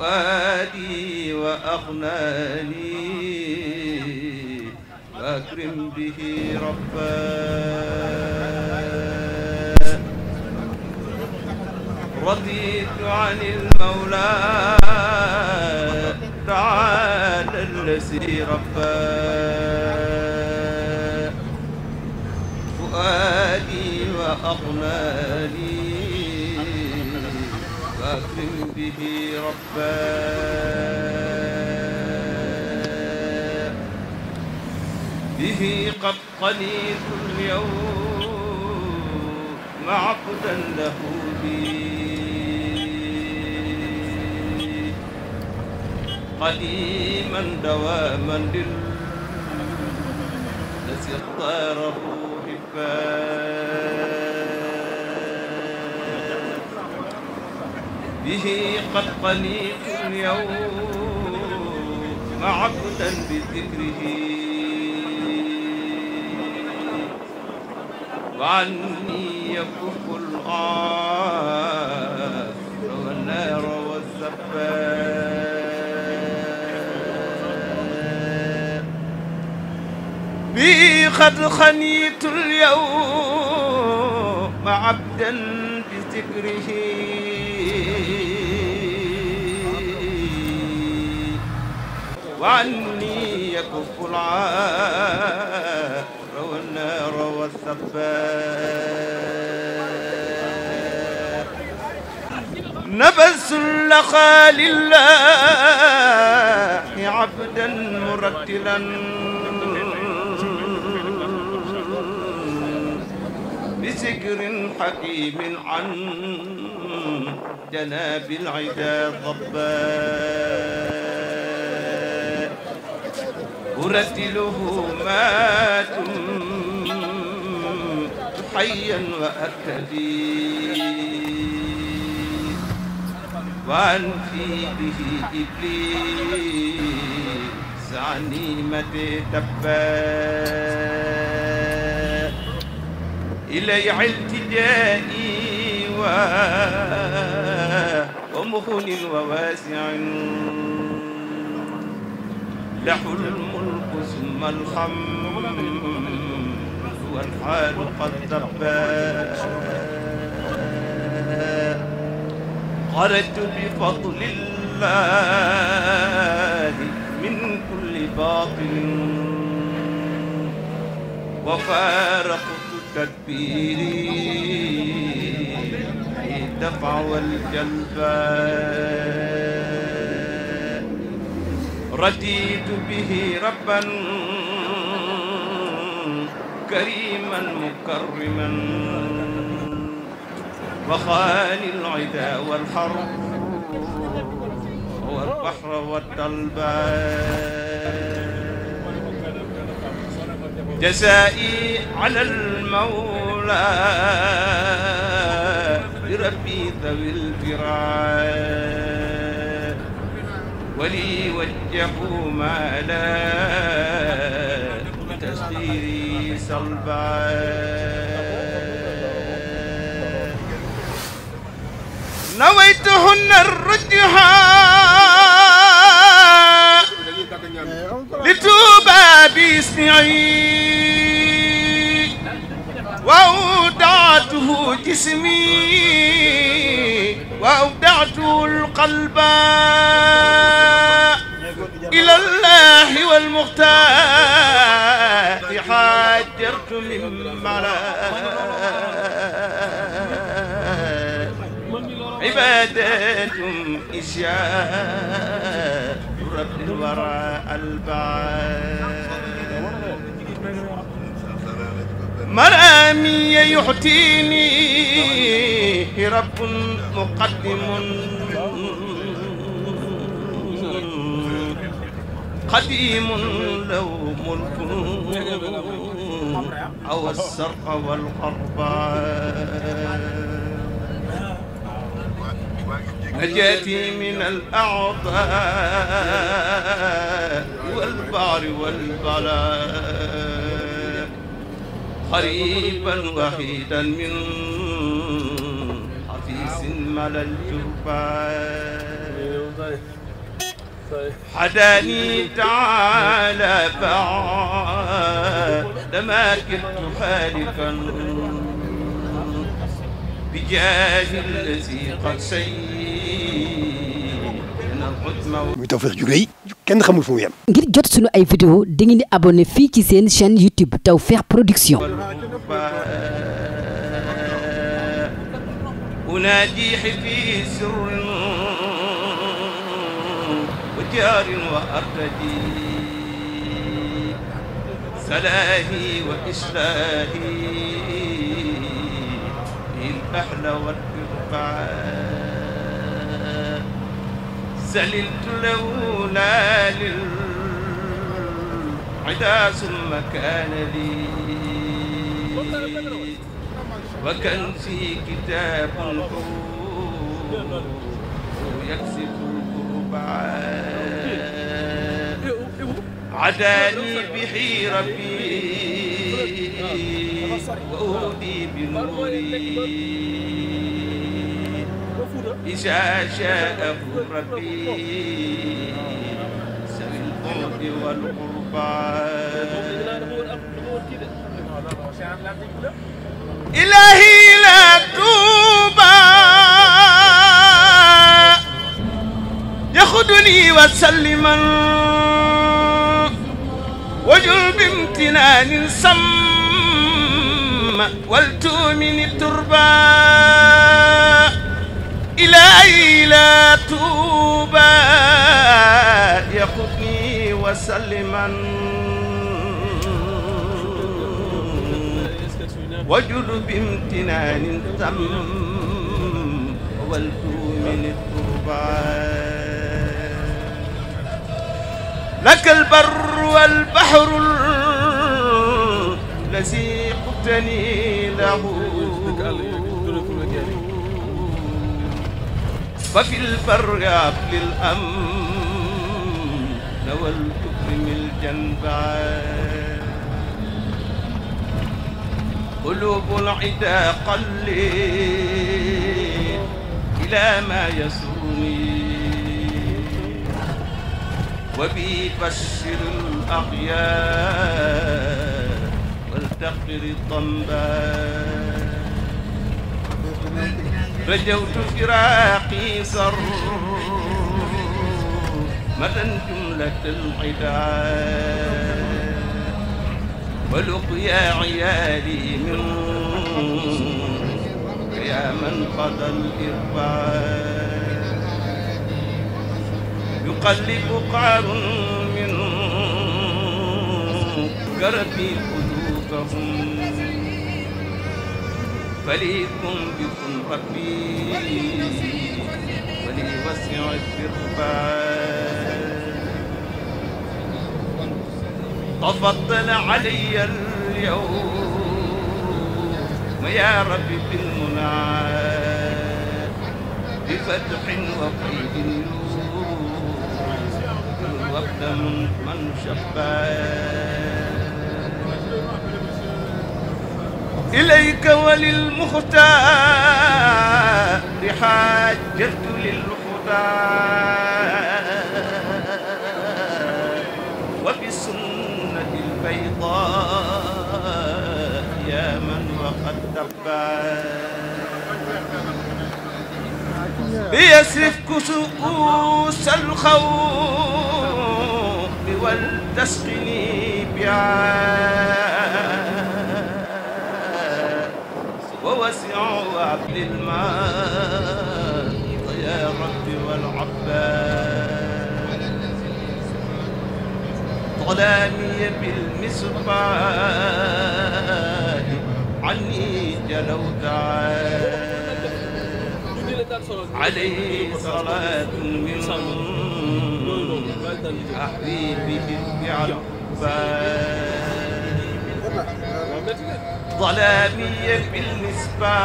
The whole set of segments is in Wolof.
فؤادي وأغناني وأكرم به ربا رضيت عن المولى تعالى الذي ربا فؤادي وأغناني به ربا به قد قنيت اليوم عقدا له بي قديما دواما للذي اختاره حبا به قد قنيت اليوم عبدا بذكره وعني يكف العاث والنار والزفاف بي قد خنيت اليوم عبدا بذكره وعني يكف العار والنار والثبات نفس لقى لله عبدا مرتلا بذكر حكيم عن جناب العدا خبار أرتله ما دمت حيا وأكدي وأنفي به إبليس عن نيمة تبا إلي التجائي ومخن وواسع له الملك ثم الحمد والحال قد تبا خرجت بفضل الله من كل باطل وفارقت تدبيري دفع والجلبان رضيت به ربا كريما مكرما وخالي العدا والحرب والبحر والطلبان جزائي على المولى بربي ذوي الفراق ولي وجهوا ما لا تسخيري صلبا نويتهن الرجحا لتوبى باسمعي وأودعته جسمي وأودعته القلب إلى الله والمختار حاجرت من مرا عبادات إشياء رب الورى البعاد مرامي يحتيني رب مقدم قديم لو ملك أو السرق والقربان نجاتي من الأعضاء والبعر والبلاء قريبا وحيدا من حفيظ ملل الجربان حداني تعالى بعد ما كنت خالفا بجاه الذي قد سيدنا العتمى muy Tawfekh ju rëy kenn xamul fu mu yem ngir jot sunu ay vidéo di ngeen fii ci seen chaîne YouTube Tawfekh Production أنادي في سر جار وأرتدي سلاهي وإسلاهي للأحلى والإرفع سللت له لا للعدا ثم كان لي وكنزي كتاب هو يكسب القربعات عداني به ربي وأهدي بنوري إذا شاءه ربي سوي القرب والقربان إلهي لا توبى يخدني وسلما wajul bimtinaanin samma waltuumini turbaa ilaahi la tuuba yaqutni wasalliman wajul bimtinaanin samma waltuumini turbaa لك البر والبحر الذي قلتني له ففي البر قبل الأمن والكفر الجنب قلوب العدا قلي إلى ما يسرني وببشر الأخيار والتقر الطنباء رجوت فراقي سر مدى جملة العداء ولقيا عيالي من يا من قضى الإرباع يقلب قعر من كربي قلوبهم فليكن بكم ربي ولي وسع الدربان تفضل علي اليوم يا ربي بالمنى بفتح وقيد نور وقدم من شبى إليك وللمختار حاجرت للخدا وبسنة البيضاء يا من وقد تبى بيسرف كؤوس الخوف والتسقني بعاء ووسع عبد الماء يا رب والعباء ظلامي بالمصباح عني جلو دعاء عليه صلاة من ظلامي بالمصباح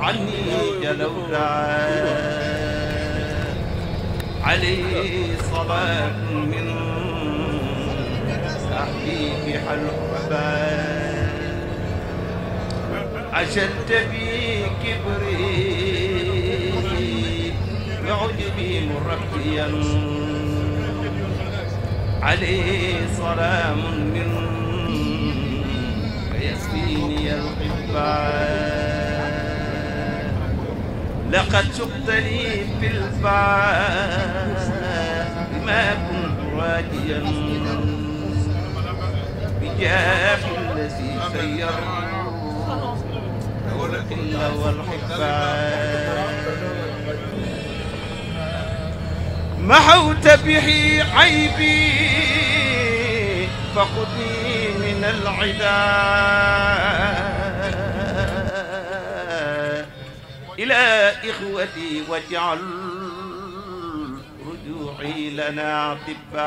عني جلولا عليه صلاة من أحبيب حلوبا أشد بي كبري موجبي مربيا عليه سلام من يسقيني القباء لقد شقت لي في الباء بما كنت راجيا بجاه الذي سير الكل والحباء محوت به عيبي فخذني من العدا إلى إخوتي واجعل رجوعي لنا أطباء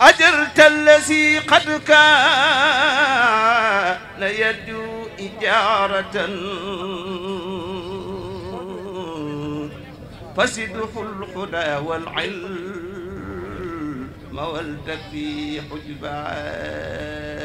أجرت الذي قد كان يدعو إجارة فسده الخدى والعلم والتفي حجبان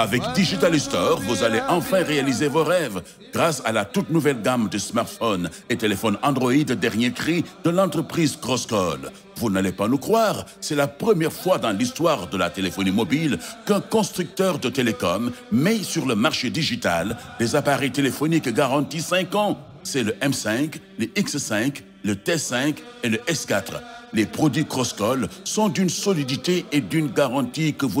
Avec Digital Store, vous allez enfin réaliser vos rêves grâce à la toute nouvelle gamme de smartphones et téléphones Android dernier cri de l'entreprise Crosscall. Vous n'allez pas nous croire, c'est la première fois dans l'histoire de la téléphonie mobile qu'un constructeur de télécom mais sur le marché digital des appareils téléphoniques garantis cinq ans. C'est le M5, le X5, le T5 et le S4. Les produits Crosscall sont d'une solidité et d'une garantie que vous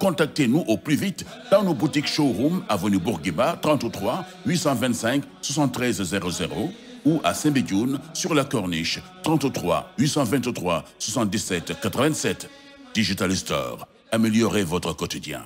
Contactez-nous au plus vite dans nos boutiques showroom avenue Bourguiba 33 825 73 00 ou à Soumbédioune sur la Corniche 33 823 77 87. Digital Store, améliorez votre quotidien.